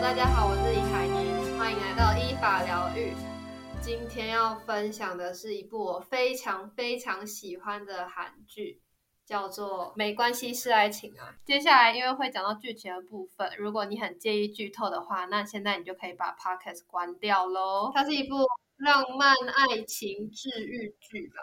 大家好，我是李海寧，歡迎來到依法療癒。今天要分享的是一部我非常非常喜歡的韓劇，叫做《沒關係是愛情啊》啊。接下來因為會講到劇情的部分，如果你很介意劇透的話，那現在你就可以把 podcast 關掉嘍。它是一部浪漫愛情治癒劇吧？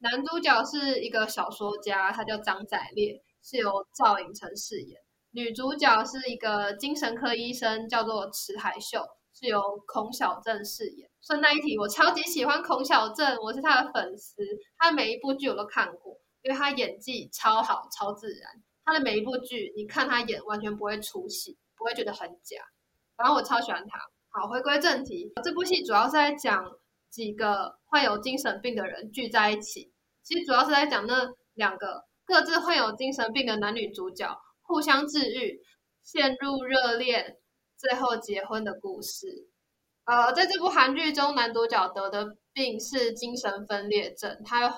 男主角是一個小說家，他叫張宰烈，是由趙寅成飾演。女主角是一個精神科醫生，叫做池海秀，是由孔曉振飾演。順帶一提，我超級喜歡孔曉振，我是他的粉絲，他每一部劇我都看過，因為他演技超好、超自然。他的每一部劇，你看他演，完全不會出戲，不會覺得很假。然後我超喜歡他。好，回歸正題，這部戲主要是在講幾個患有精神病的人聚在一起。其實主要是在講那兩個各自患有精神病的男女主角，互相治癒，陷入熱戀，最後結婚的故事。呃，在這部韓劇中，男主角得的病是精神分裂症，他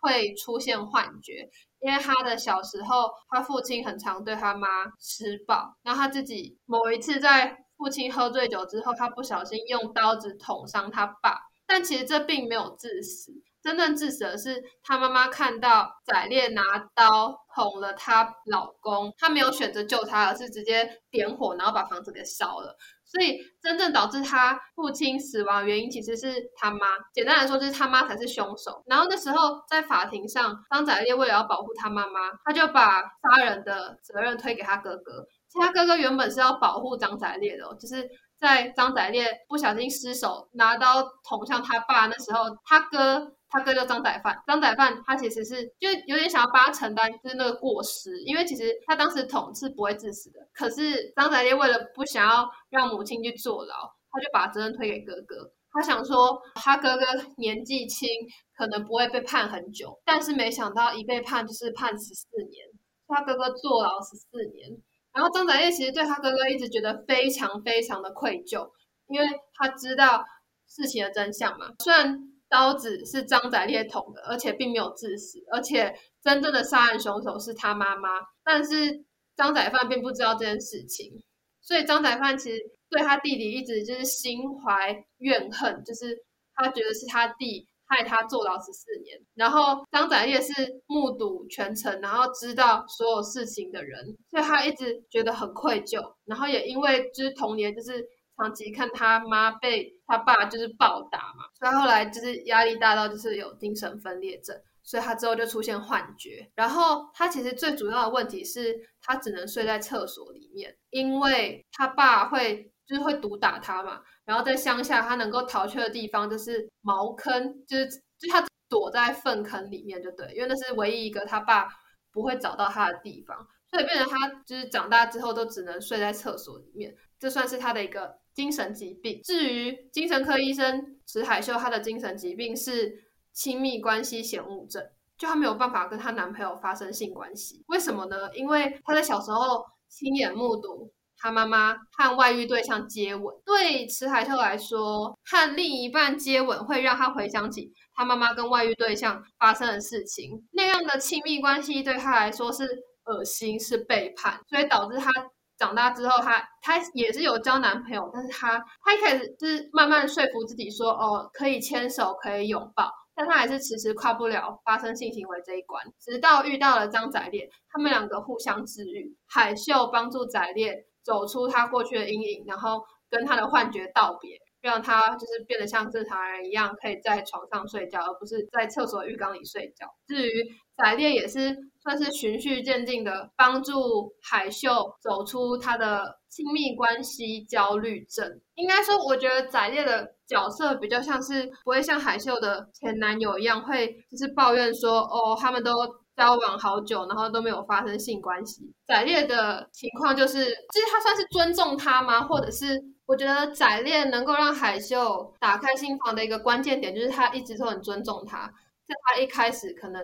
會出現幻覺，因為他的小時候，他父親很常對他媽施暴，然後他自己某一次在父親喝醉酒之後，他不小心用刀子捅傷他爸，但其實這並沒有致死。真正致死的是他媽媽，看到宰烈拿刀捅了她老公，她沒有選擇救他，而是直接點火，然後把房子給燒了。所以真正導致他父親死亡原因，其實是他媽。簡單來說，就是他媽才是兇手。然後那時候在法庭上，張宰烈為了要保護他媽媽，他就把殺人的責任推給他哥哥。其實他哥哥原本是要保護張宰烈的哦，就是在張宰烈不小心失手拿刀捅向他爸那時候，他哥。他哥叫張載範，張載範他其實是就有點想要幫他承擔就是那個過失，因為其實他當時捅是不會致死的。可是張載烈為了不想要讓母親去坐牢，他就把責任推給哥哥。他想說他哥哥年紀輕，可能不會被判很久。但是沒想到一被判就是判十四年，他哥哥坐牢十四年。然後張載烈其實對他哥哥一直覺得非常非常的愧疚，因為他知道事情的真相嘛，雖然。刀子是張宰烈捅的，而且並沒有致死，而且真正的殺人兇手是他媽媽，但是張宰範並不知道這件事情，所以張宰範其實對他弟弟一直就是心懷怨恨，就是他覺得是他弟害他坐牢十四年，然後張宰烈是目睹全程，然後知道所有事情的人，所以他一直覺得很愧疚，然後也因為就是童年就是長期看他媽被。他爸就是暴打嘛，所以他後來就是壓力大到就是有精神分裂症，所以他之後就出現幻覺。然後他其實最主要的問題是他只能睡在廁所裡面，因為他爸會就是會毒打他嘛。然後在鄉下，他能夠逃去的地方就是茅坑，就是就他躲在糞坑裡面，就對，因為那是唯一一個他爸不會找到他的地方，所以變成他就是長大之後都只能睡在廁所裡面，這算是他的一個。精神疾病。至於精神科醫生池海秀，她的精神疾病是親密關係嫌惡症，就她沒有辦法跟她男朋友發生性關係。為什麼呢？因為她在小時候親眼目睹她媽媽和外遇對象接吻。對池海秀來說，和另一半接吻會讓她回想起她媽媽跟外遇對象發生的事情，那樣的親密關係對她來說是噁心、是背叛，所以導致她。長大之後他，她，她也是有交男朋友，但是她，她一開始就是慢慢說服自己說，哦，可以牽手，可以擁抱，但她還是遲遲跨不了發生性行為這一關。直到遇到了張宰烈，他們兩個互相治癒，海秀幫助宰烈走出他過去的陰影，然後跟他的幻覺道別，讓他就是變得像正常人一樣，可以在床上睡覺，而不是在廁所浴缸裡睡覺。至於宰烈也是。但是循序漸進的幫助海秀走出她的親密關係焦慮症。應該說，我覺得宰烈的角色比較像是不會像海秀的前男友一樣，會就是抱怨說，哦，他們都交往好久，然後都沒有發生性關係。宰烈的情況就是，其實他算是尊重他嗎？或者是我覺得宰烈能夠讓海秀打開心房的一個關鍵點，就是他一直都很尊重他，在他一開始可能。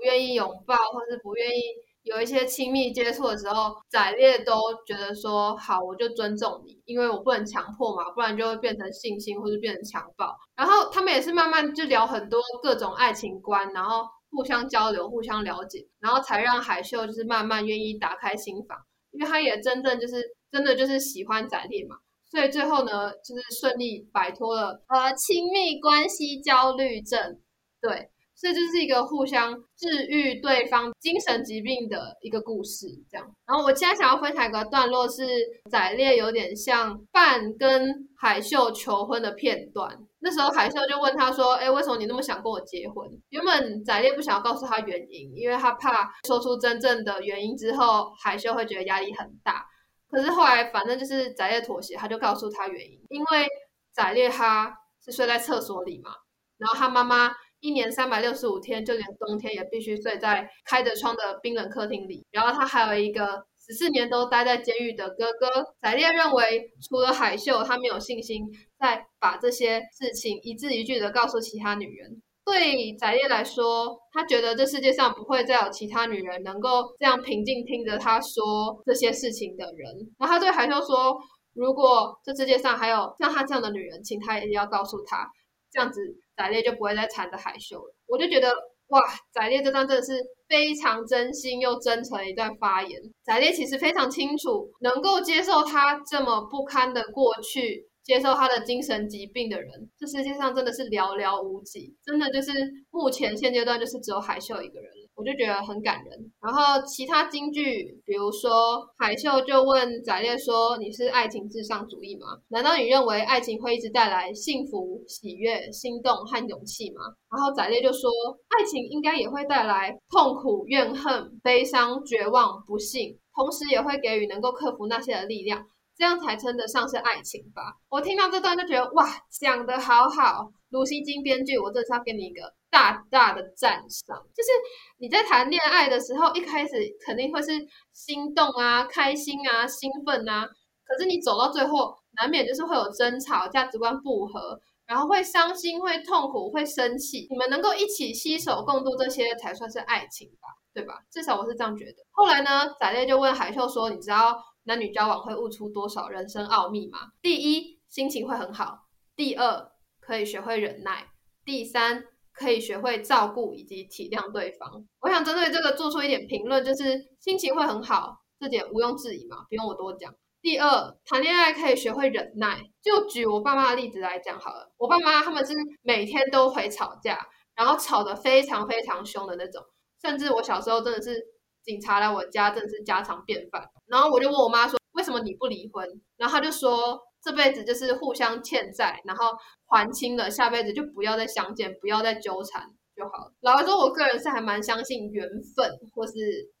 不願意擁抱，或是不願意有一些親密接觸的時候，宰烈都覺得說好，我就尊重你，因為我不能強迫嘛，不然就會變成性侵，或者變成強暴。然後他們也是慢慢就聊很多各種愛情觀，然後互相交流、互相了解，然後才讓海秀就是慢慢願意打開心房，因為他也真正就是真的就是喜歡宰烈嘛，所以最後呢，就是順利擺脫了呃親密關係焦慮症，對。這就是一個互相治癒對方精神疾病的一個故事，這樣。然後我現在想要分享一個段落，是宰烈有點像半跟海秀求婚的片段。那時候海秀就問他說：“誒、欸，為什麼你那麼想跟我結婚？”原本宰烈不想要告訴他原因，因為他怕說出真正的原因之後，海秀會覺得壓力很大。可是後來，反正就是宰烈妥協，他就告訴他原因，因為宰烈他是睡在廁所裡嘛，然後他媽媽。一年三百六十五天，就連冬天也必須睡在開着窗的冰冷客廳裡。然後他還有一個十四年都待在監獄的哥哥。宰烈認為，除了海秀，他沒有信心再把這些事情一字一句的告訴其他女人。對宰烈來說，他覺得這世界上不會再有其他女人能夠這樣平靜聽着他說這些事情的人。然後他對海秀說：“如果這世界上還有像他這樣的女人，請他也要告訴他這樣子。”宰烈就不會再纏着海秀了，我就覺得哇，宰烈這段真的是非常真心又真誠的一段發言。宰烈其實非常清楚，能夠接受他這麼不堪的過去，接受他的精神疾病的人，這世界上真的是寥寥無幾，真的就是目前現階段就是只有海秀一個人。我就覺得很感人。然後其他金句，比如說海秀就問宰烈說：“你是愛情至上主義嗎？難道你認為愛情會一直帶來幸福、喜悅、心動和勇氣嗎？”然後宰烈就說：“愛情應該也會帶來痛苦、怨恨、悲傷、絕望、不幸，同時也會給予能夠克服那些的力量。”這樣才稱得上是愛情吧？我聽到這段就覺得哇，講得好好，盧熙京編劇，我這次要給你一個大大的讚賞。就是你在談戀愛的時候，一開始肯定會是心動啊、開心啊、興奮啊，可是你走到最後，難免就是會有爭吵、價值觀不合，然後會傷心、會痛苦、會生氣。你們能夠一起攜手共度這些，才算是愛情吧，對吧？至少我是這樣覺得。後來呢，宰烈就問海秀說：“你知道？”男女交往會悟出多少人生奧秘嗎？第一，心情會很好；第二，可以學會忍耐；第三，可以學會照顧以及體諒對方。我想針對這個做出一點評論，就是心情會很好這點毋庸置疑嘛，不用我多講。第二，談戀愛可以學會忍耐，就舉我爸媽的例子來講好了。我爸媽他們是每天都會吵架，然後吵得非常非常凶的那種，甚至我小時候真的是。警察來我家真的是家常便飯，然後我就問我媽說：“為什麼你不離婚？”然後他就說：“這輩子就是互相欠債，然後還清了，下輩子就不要再相見，不要再糾纏就好了。”老實說我個人是還蠻相信緣分或是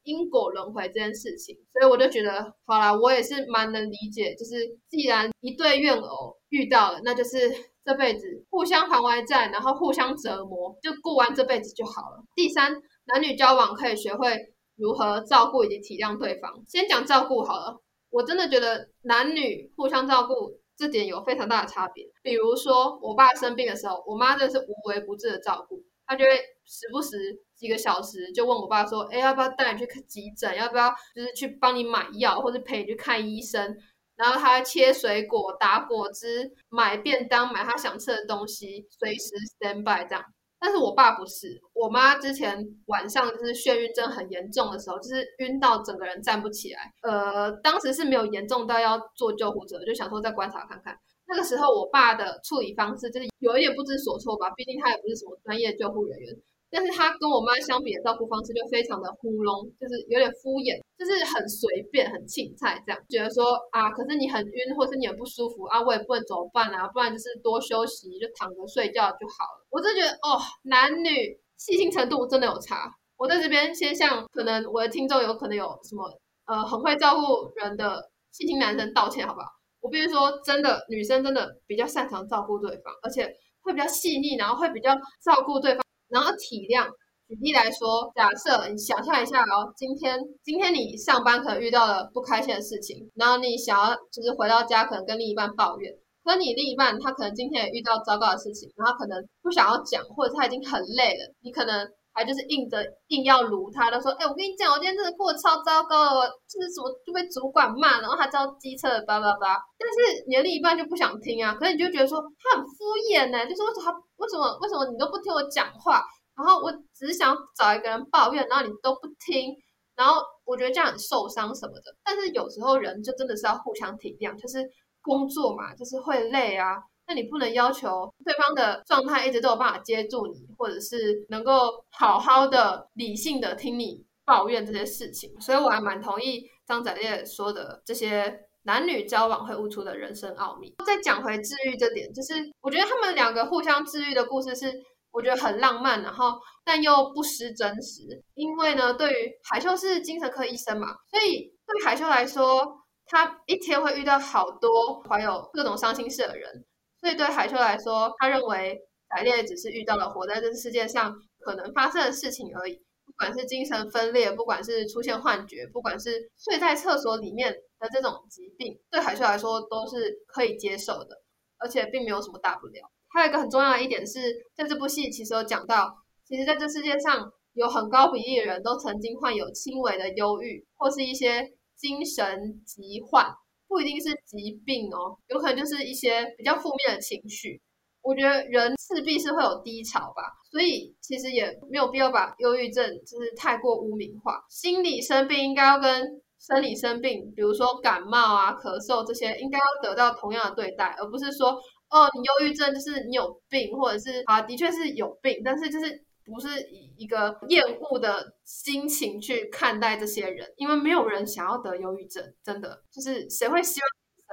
因果輪回這件事情，所以我就覺得，好啦。我也是蠻能理解，就是既然一對怨偶遇到了，那就是這輩子互相還外債，然後互相折磨，就過完這輩子就好了。第三，男女交往可以學會。如何照顧以及體諒對方？先講照顧好了，我真的覺得男女互相照顧這點有非常大的差別。比如說，我爸生病的時候，我媽真的是無微不至的照顧，她就會時不時幾個小時就問我爸說：“誒，要不要帶你去看急診？要不要就是去幫你買藥，或者陪你去看醫生？”然後她切水果、打果汁、買便當、買她想吃的東西，隨時 stand by 這樣。但是我爸不是，我媽之前晚上就是眩暈症很嚴重的時候，就是暈到整個人站不起來。呃，當時是沒有嚴重到要做救護車，就想說再觀察看看。那個時候我爸的處理方式就是有一點不知所措吧，畢竟他也不是什麼專業救護人員。但是他跟我媽相比的照顧方式就非常的糊弄，就是有點敷衍，就是很隨便、很青菜這樣。覺得說啊，可是你很暈，或是你很不舒服啊，我也不會怎麼辦啊，不然就是多休息，就躺着睡覺就好了。我真覺得哦，男女細心程度真的有差。我在這邊先向可能我的聽眾有可能有什麼呃很會照顧人的細心男生道歉好不好？我必須說，真的女生真的比較擅長照顧對方，而且會比較細膩，然後會比較照顧對方。然後體諒，舉例來說，假設你想象一下哦，然後今天今天你上班可能遇到了不開心的事情，然後你想要就是回到家可能跟另一半抱怨，可你另一半他可能今天也遇到糟糕的事情，然後可能不想要講，或者他已經很累了，你可能。就是硬着硬要盧他，他說：“哎、欸，我跟你講，我今天真的過得超糟糕的，就是什麼就被主管罵，然後他叫機車，叭叭叭。”但是你的另一半就不想聽啊，可是你就覺得說他很敷衍呢、欸，就是為什麼為什麼為什麼你都不聽我講話？然後我只是想找一個人抱怨，然後你都不聽，然後我覺得這樣很受傷什麼的。但是有時候人就真的是要互相體諒，就是工作嘛，就是會累啊。那你不能要求對方的狀態一直都有辦法接住你，或者是能夠好好的、理性的聽你抱怨這些事情。所以，我還蠻同意張載烈說的這些男女交往會悟出的人生奧秘。再講回治癒這點，就是我覺得他們兩個互相治癒的故事是我覺得很浪漫，然後但又不失真實。因為呢，對於海秀是精神科醫生嘛，所以對海秀來說，她一天會遇到好多懷有各種傷心事的人。所以對海秀來說，他認為宰烈只是遇到了活在這個世界上可能發生的事情而已。不管是精神分裂，不管是出現幻覺，不管是睡在廁所裡面的這種疾病，對海秀來說都是可以接受的，而且並沒有什麼大不了。還有一個很重要的一點是，在這部戲其實有講到，其實在這世界上有很高比例的人都曾經患有輕微的憂鬱，或是一些精神疾患。不一定是疾病哦，有可能就是一些比較負面的情緒。我覺得人勢必是會有低潮吧，所以其實也沒有必要把憂鬱症就是太過污名化。心理生病應該要跟生理生病，比如說感冒啊、咳嗽這些，應該要得到同樣的對待，而不是說哦，你憂鬱症就是你有病，或者是啊，的確是有病，但是就是。不是以一個厭惡的心情去看待這些人，因為沒有人想要得憂鬱症，真的就是誰會希望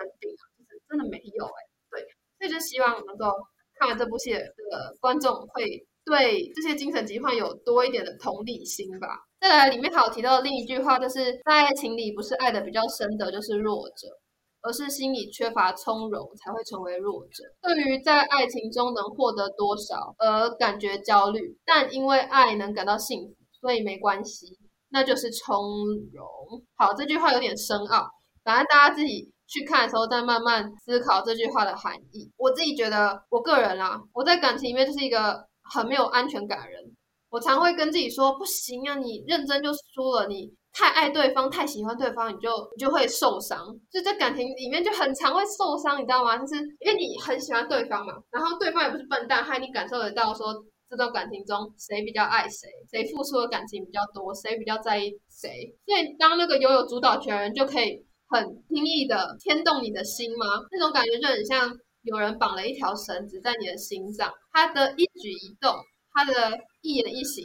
生病啊？就是真的沒有哎、欸，對，所以就希望能夠看完這部戲的這個觀眾會對這些精神疾患有多一點的同理心吧。再來，裡面好提到的另一句話，就是在愛情裡，不是愛的比較深的就是弱者。而是心裡缺乏從容，才會成為弱者。對於在愛情中能獲得多少而，呃，感覺焦慮，但因為愛能感到幸福，所以沒關係。那就是從容。好，這句話有點深奧，反正大家自己去看的時候，再慢慢思考這句話的含義。我自己覺得，我個人啊，我在感情裡面就是一個很沒有安全感的人。我常會跟自己說，不行啊，你認真就輸了，你。太愛對方，太喜歡對方，你就你就會受傷。就在感情裡面，就很常會受傷，你知道嗎？就是因為你很喜歡對方嘛，然後對方也不是笨蛋，害你感受得到說這段感情中誰比較愛誰，誰付出的感情比較多，誰比較在意誰。所以當那個擁有主導權的人就可以很輕易的牽動你的心嗎？那種感覺就很像有人綁了一條繩子在你的心上，他的一舉一動，他的一言一行，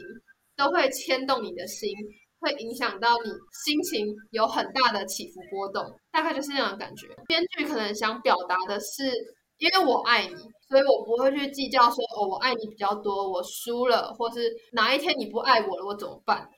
都會牽動你的心。會影響到你心情有很大的起伏波動，大概就是這樣的感覺。編劇可能想表達的是，因為我愛你，所以我不會去計較說，哦，我愛你比較多，我輸了，或是哪一天你不愛我了，我怎麼辦？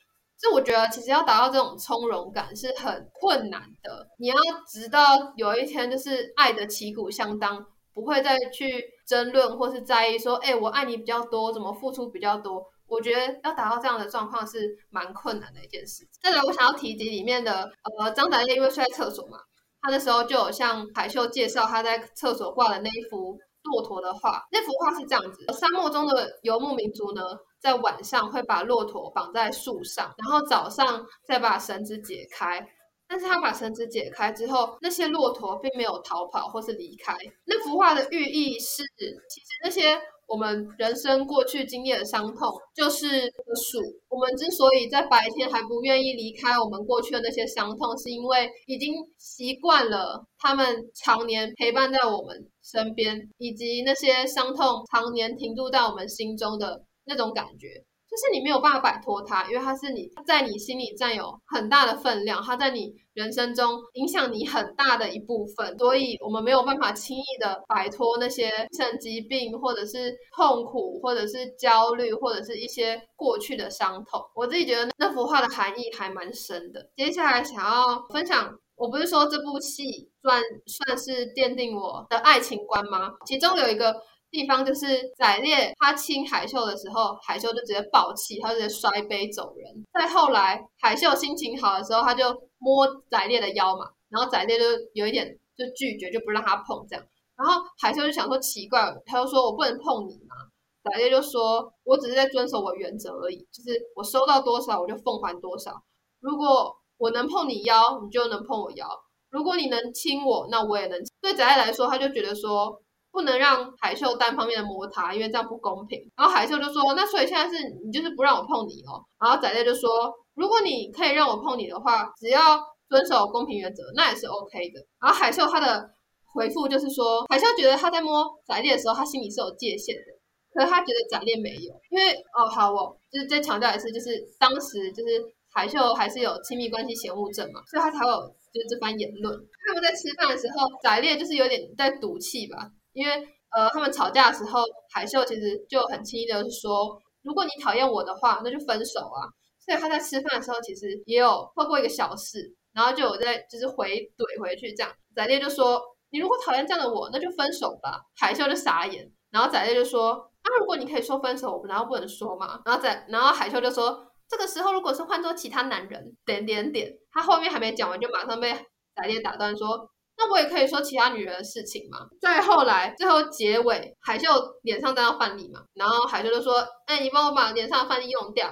這我覺得其實要達到這種從容感是很困難的。你要直到有一天就是愛的旗鼓相當，不會再去爭論或是在意說，哎，我愛你比較多，怎麼付出比較多？我覺得要達到這樣的狀況是蠻困難的一件事。再來，我想要提及裡面的呃，張載烈因為睡在廁所嘛，他那時候就有向海秀介紹他在廁所掛的那一幅駱駝的畫。那幅畫是這樣子：沙漠中的游牧民族呢，在晚上會把駱駝綁在樹上，然後早上再把繩子解開。但是他把繩子解開之後，那些駱駝並沒有逃跑或是離開。那幅畫的寓意是，其實那些我們人生過去經歷的傷痛就是樹。我們之所以在白天還不願意離開我們過去的那些傷痛，是因為已經習慣了他們常年陪伴在我們身邊，以及那些傷痛常年停駐在我們心中的那種感覺。但是你沒有辦法擺脫它，因為它是你在你心裡占有很大的分量，它在你人生中影響你很大的一部分，所以我們沒有辦法輕易的擺脫那些精神疾病，或者是痛苦，或者是焦慮，或者是一些過去的傷痛。我自己覺得那幅畫的含義還蠻深的。接下來想要分享，我不是說這部戲算算是奠定我的愛情觀嗎？其中有一個。地方就是宰烈他親海秀的時候，海秀就直接爆氣，他就直接摔杯走人。再後來海秀心情好的時候，他就摸宰烈的腰嘛，然後宰烈就有一點就拒絕，就不讓他碰這樣。然後海秀就想說奇怪，他就說我不能碰你嘛。宰烈就說我只是在遵守我原則而已，就是我收到多少我就奉還多少。如果我能碰你腰，你就能碰我腰；如果你能親我，那我也能親。對宰烈來說，他就覺得說。不能讓海秀單方面的摸他，因為這樣不公平。然後海秀就說：“那所以現在是你就是不讓我碰你哦。”然後宰烈就說：“如果你可以讓我碰你的話，只要遵守公平原則，那也是 OK 的。”然後海秀他的回復就是說：“海秀覺得他在摸宰烈的時候，他心裡是有界限的，可是他覺得宰烈沒有，因為哦好哦，就是再強調一次，就是當時就是海秀還是有親密關係嫌惡症嘛，所以他才會有就是這番言論。他們在吃飯的時候，宰烈就是有點在賭氣吧。”因為呃，他們吵架的時候，海秀其實就很輕易的說，如果你討厭我的話，那就分手啊。所以他在吃飯的時候，其實也有會過一個小事，然後就有在就是回懟回去這樣。宰烈就說，你如果討厭這樣的我，那就分手吧。海秀就傻眼，然後宰烈就說，那、啊、如果你可以說分手，我們難道不能說嗎？然後宰，然後海秀就說，這個時候如果是換做其他男人，點點點。他後面還沒講完，就馬上被宰烈打斷說。那我也可以說其他女人的事情嗎？再後來，最後結尾，海秀臉上沾到飯粒嘛，然後海秀就說：“哎、欸，你幫我把臉上的飯粒用掉。”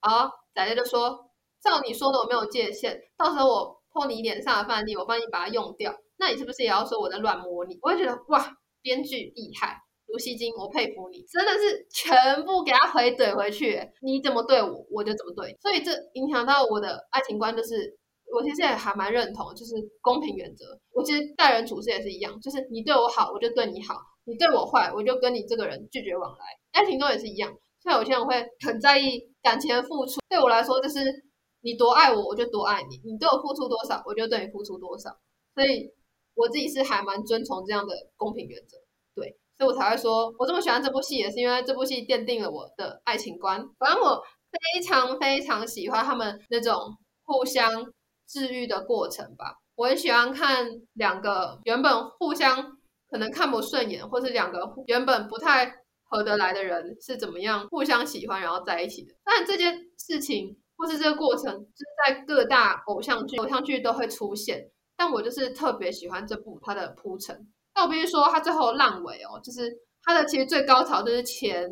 啊，宰宰就說：“照你說的，我沒有界限，到時候我碰你臉上的飯粒，我幫你把它用掉。那你是不是也要說我在亂摸你？”我就覺得哇，編劇厲害，盧熙京，我佩服你，真的是全部給他回懟回去。你怎麼對我，我就怎麼對。所以這影響到我的愛情觀就是。我其實也還蠻認同，就是公平原則。我其實待人處事也是一樣，就是你對我好，我就對你好；你對我壞，我就跟你這個人拒絕往來。愛情中也是一樣，所以有些人會很在意感情的付出。對我來說，就是你多愛我，我就多愛你；你對我付出多少，我就對你付出多少。所以我自己是還蠻遵從這樣的公平原則，對，所以我才會說我這麼喜歡這部戲，也是因為這部戲奠定了我的愛情觀。反正我非常非常喜歡他們那種互相。治癒的過程吧，我很喜歡看兩個原本互相可能看不順眼，或是兩個原本不太合得來的人是怎麼樣互相喜歡然後在一起的。但這件事情或是這個過程，就是在各大偶像劇，偶像劇都會出現。但我就是特別喜歡這部它的鋪陳。倒不如說，它最後爛尾哦，就是它的其實最高潮就是前。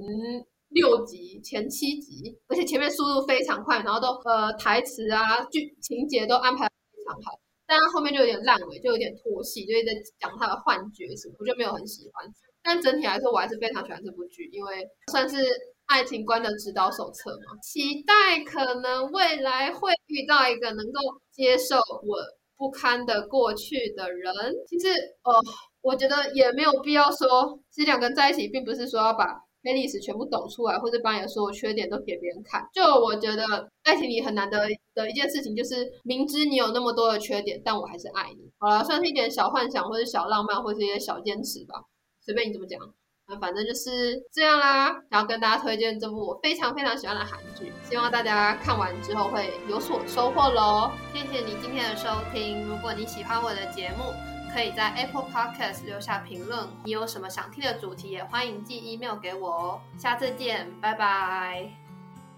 六集前七集，而且前面速度非常快，然後都呃台詞啊、劇情節都安排非常好，但是後面就有點爛尾，就有點拖戲，就一直在講他的幻覺，什麼，我就沒有很喜歡。但整體來說，我還是非常喜歡這部劇，因為算是愛情觀的指導手冊嘛。期待可能未來會遇到一個能夠接受我不堪的過去的人。其實呃我覺得也沒有必要說，其實兩個人在一起，並不是說要把。黑歷史全部抖出來，或者把你的所有缺點都給別人看，就我覺得愛情裡很難得的一件事情就是明知你有那麼多的缺點，但我還是愛你。好了，算是一點小幻想，或者小浪漫，或者一些小堅持吧，隨便你怎麼講，那反正就是這樣啦。然後跟大家推薦這部我非常非常喜歡的韓劇，希望大家看完之後會有所收穫嘍。謝謝你今天的收聽，如果你喜歡我的節目，可以在 Apple Podcast 留下評論，你有什麼想聽的主題，也歡迎寄 email 給我哦。下次見，拜拜。